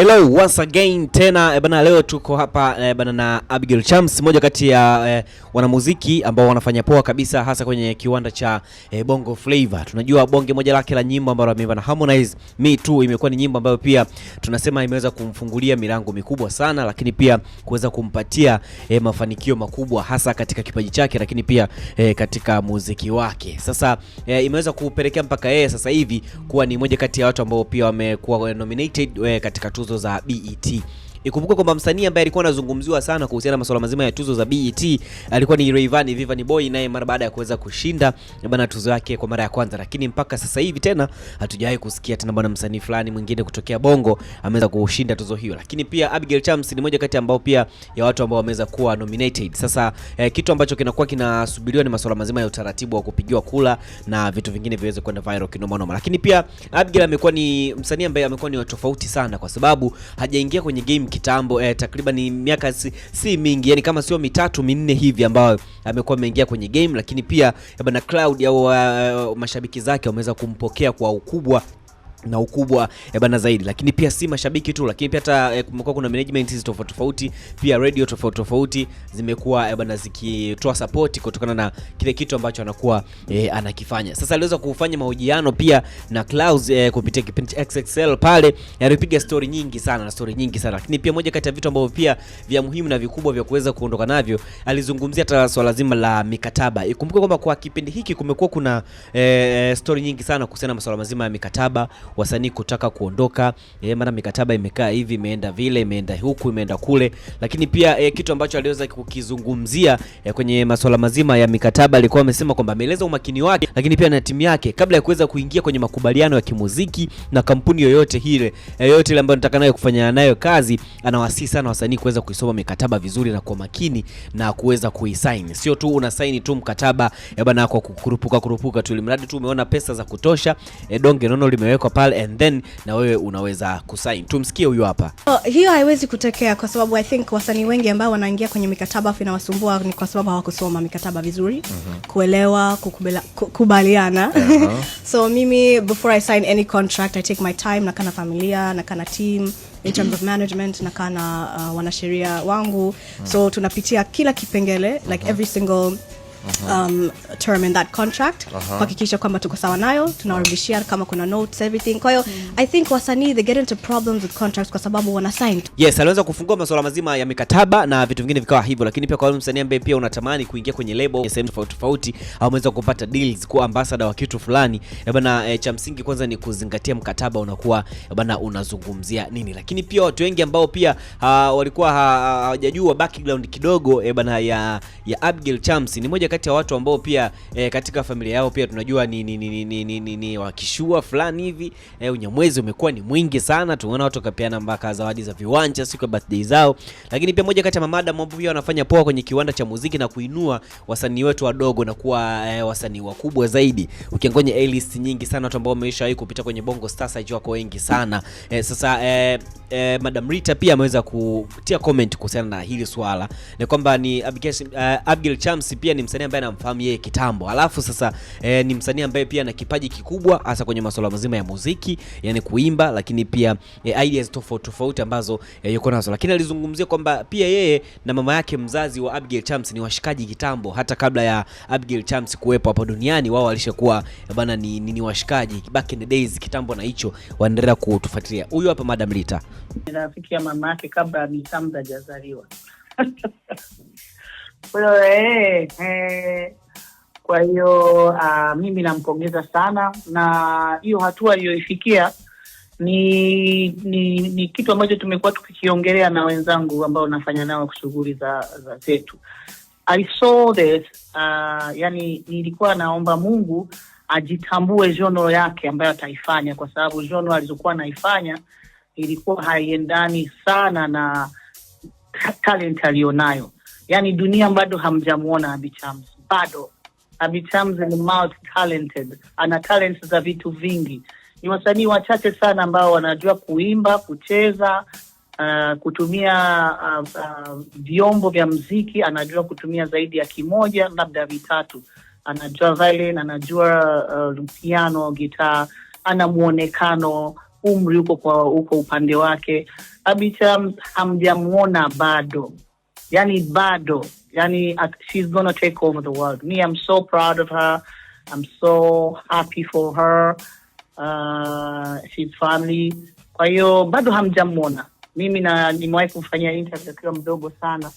Hello once again tena eh, bana, leo tuko hapa eh, bana na Abigail Chams, moja kati ya eh, wanamuziki ambao wanafanya poa kabisa hasa kwenye kiwanda cha e, Bongo Flava. Tunajua bonge moja lake la nyimbo ambalo ameimba na Harmonize Me Too imekuwa ni nyimbo ambayo pia tunasema imeweza kumfungulia milango mikubwa sana, lakini pia kuweza kumpatia e, mafanikio makubwa hasa katika kipaji chake, lakini pia e, katika muziki wake. Sasa e, imeweza kupelekea mpaka yeye sasa hivi kuwa ni moja kati ya watu ambao pia wamekuwa nominated e, katika tuzo za BET. Ikumbuka kwamba msanii ambaye alikuwa anazungumziwa sana kuhusiana na masuala mazima ya tuzo za BET alikuwa ni Rayvanny Vivani Boy, naye mara baada ya kuweza kushinda eh, bwana tuzo yake kwa mara ya kwanza, lakini mpaka sasa hivi tena hatujawahi kusikia tena bwana msanii fulani mwingine kutokea Bongo ameweza kushinda tuzo hiyo. Lakini pia Abigail Chams ni moja kati ambao pia ya watu ambao wameweza kuwa nominated. Sasa eh, kitu ambacho kinakuwa kinasubiriwa ni masuala mazima ya utaratibu wa kupigiwa kula na vitu vingine viweze kwenda viral kinoma noma. Lakini pia Abigail amekuwa ni msanii ambaye amekuwa ni tofauti sana kwa sababu hajaingia kwenye game kitambo eh, takriban miaka si, si mingi yani kama sio mitatu minne hivi ambayo amekuwa ameingia kwenye game, lakini pia eh, bana Cloud au eh, mashabiki zake wameweza kumpokea kwa ukubwa na ukubwa eh, bana zaidi, lakini pia si mashabiki tu, lakini pia hata eh, kumekuwa kuna management tofauti tofauti, pia radio tofauti tofauti zimekuwa eh, bana zikitoa support kutokana na kile kitu ambacho anakuwa e, anakifanya. Sasa aliweza kufanya mahojiano pia na Klaus e, kupitia kipindi cha XXL pale, alipiga story nyingi sana na story nyingi sana lakini pia moja kati ya vitu ambavyo pia vya muhimu na vikubwa vya kuweza kuondoka navyo, alizungumzia hata swala zima la mikataba. Ikumbuke kwamba kwa kipindi hiki kumekuwa kuna e, story nyingi sana kuhusiana na masuala mazima ya mikataba wasanii kutaka kuondoka eh, maana mikataba imekaa hivi, imeenda vile, imeenda huku, imeenda kule. Lakini pia eh, kitu ambacho aliweza kukizungumzia eh, kwenye masuala mazima ya mikataba, alikuwa amesema kwamba ameeleza umakini wake, lakini pia na timu yake kabla ya kuweza kuingia kwenye makubaliano ya kimuziki na kampuni yoyote hile e, yoyote ile ambayo nataka nayo kufanya nayo kazi, anawasihi sana wasanii kuweza kuisoma mikataba vizuri na kwa makini na kuweza kuisign, Sio tu una sign tu mkataba e, bana kwa kukurupuka kurupuka tu, mradi tu umeona pesa za kutosha, e, donge nono limewekwa pale and then na wewe unaweza kusign Tumsikie huyu hapa. Oh, hiyo haiwezi kutokea kwa sababu I think wasanii wengi ambao wanaingia kwenye mikataba afu inawasumbua ni kwa sababu hawakusoma mikataba vizuri, mm -hmm. kuelewa, kukubaliana. uh -huh. So mimi before I sign any contract I take my time, nakaa na familia, nakaa na team in terms of management nakaa na uh, wanasheria wangu. uh mm. -huh. So tunapitia kila kipengele like uh -huh. every single Uh-huh. um, term in that contract uh-huh. kuhakikisha kwamba tuko sawa nayo, tunawarudishia kama kuna notes everything. Kwa hiyo mm. I think wasanii they get into problems with contracts kwa sababu wana sign. Yes, aliweza kufungua masuala mazima ya mikataba na vitu vingine vikawa hivyo, lakini pia kwa wale msanii ambaye pia unatamani kuingia kwenye lebo sehemu tofauti tofauti, au umeweza kupata deals kwa ambassador wa kitu fulani eh, bana, e, cha msingi kwanza ni kuzingatia mkataba unakuwa eh, bana unazungumzia nini, lakini pia watu wengi ambao pia ha, ah, walikuwa ah, hawajajua background kidogo bana ya ya Abigail Chams ni moja kati ya watu ambao pia e, katika familia yao pia tunajua ni, ni, ni, ni, ni, ni, ni ni wakishua fulani hivi e, unyamwezi umekuwa ni mwingi sana. Tunaona watu wakapeana mpaka zawadi za viwanja siku ya birthday zao, lakini pia moja kati ya mamada ambao pia wanafanya poa kwenye kiwanda cha muziki na kuinua wasanii wetu wadogo na kuwa e, wasanii wakubwa zaidi. Ukiangalia A list nyingi sana watu ambao wameishawahi kupita kwenye Bongo Stars wako wengi sana e, sasa e, e, Madam Rita pia ameweza kutia comment kuhusiana na hili swala, ni kwamba ni Abigail, uh, Abigail Chams pia ni msanii msanii ambaye anamfahamu yeye kitambo, alafu sasa e, ni msanii ambaye pia ana kipaji kikubwa hasa kwenye masuala mazima ya muziki, yani kuimba, lakini pia e, ideas tofauti tofauti ambazo e, yuko nazo, lakini alizungumzia kwamba pia yeye na mama yake mzazi wa Abigail Chams ni washikaji kitambo, hata kabla ya Abigail Chams kuwepo hapa duniani, wao walishakuwa bana ni, ni, ni washikaji back in the days kitambo, na hicho waendelea kutufuatilia. Huyu hapa Madam Rita, ni rafiki ya mama yake kabla Abigail Chams hajazaliwa Kwa hiyo eh, eh, kwa hiyo uh, mimi nampongeza sana, na hiyo hatua aliyoifikia ni, ni ni kitu ambacho tumekuwa tukikiongelea na wenzangu ambao nafanya nao shughuli za za zetu. I saw that, uh, yani nilikuwa naomba Mungu ajitambue jono yake ambayo ataifanya, kwa sababu jono alizokuwa anaifanya ilikuwa haiendani sana na talent aliyonayo yani dunia bado hamjamwona Abby bado. Abby ni multi talented, ana talent za vitu vingi. Ni wasanii wachache sana ambao wanajua kuimba, kucheza, uh, kutumia uh, uh, vyombo vya mziki. Anajua kutumia zaidi ya kimoja, labda vitatu. Anajua violin, anajua uh, piano, gitaa, ana mwonekano umri uko kwa uko upande wake. Abby hamjamwona bado yani bado yani she's gonna take over the world. Me, I'm so proud of her. I'm so happy for her. Uh, she's family. Kwa hiyo bado hamjamwona mimi, na nimewahi kumfanyia interview akiwa mdogo sana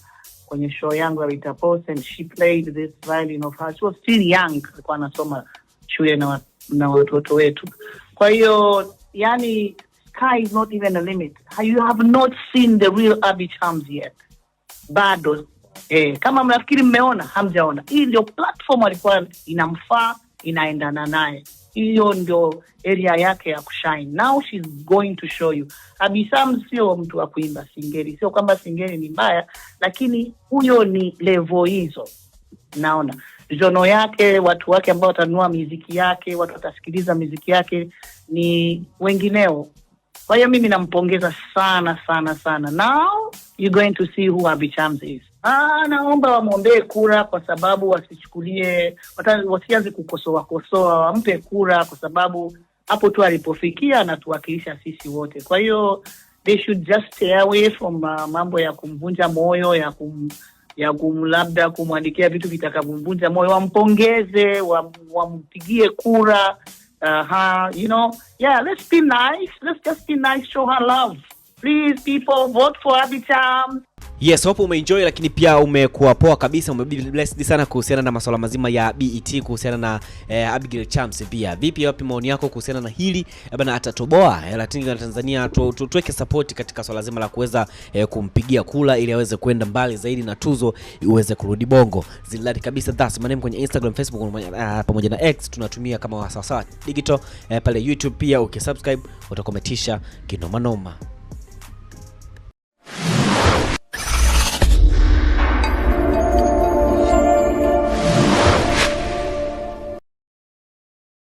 kwenye show yangu ya Rita Post and she played this violin of her. She was still young, alikuwa anasoma shule na, na watoto wetu. Kwa hiyo yani, sky is not even a limit. You have not seen the real Abby Charms yet bado eh, kama mnafikiri mmeona, hamjaona. Hii ndio platform alikuwa inamfaa, inaendana naye. Hiyo ndio area yake ya kushine. Now she's going to show you. Abisam sio mtu wa kuimba singeli, sio kwamba singeli ni mbaya, lakini huyo ni levo hizo. Naona jono yake, watu wake ambao watanunua miziki yake, watu watasikiliza miziki yake ni wengineo kwa hiyo mimi nampongeza sana sana sana. Now you going to see who Abicham is. Ah, naomba wamwombee kura kwa sababu wasichukulie, wasianze kukosoa kosoa, wampe kura kwa sababu hapo tu alipofikia anatuwakilisha sisi wote. Kwa hiyo they should just stay away from uh, mambo ya kumvunja moyo ya kum ya kum labda kumwandikia vitu vitakavyomvunja moyo. Wampongeze, wampigie kura. uh, her, you know, yeah, let's be nice. Let's just be nice, show her love. Please, people, vote for Abitam. Yes, hope umeenjoy lakini pia umekuwa poa kabisa, blessed sana kuhusiana na masuala mazima ya BET kuhusiana na eh, Abigail Chams pia. Vipi wapi maoni yako kuhusiana na hili? Eh, bana atatoboa eh, lakini na Tanzania tuweke tu, tu, support katika swala zima la kuweza eh, kumpigia kula ili aweze kwenda mbali zaidi na tuzo iweze kurudi Bongo. Zilali kabisa that's my name kwenye Instagram, Facebook uh, pamoja na X tunatumia kama wasawasawa digital eh, pale YouTube pia ukisubscribe utakometisha kinoma noma.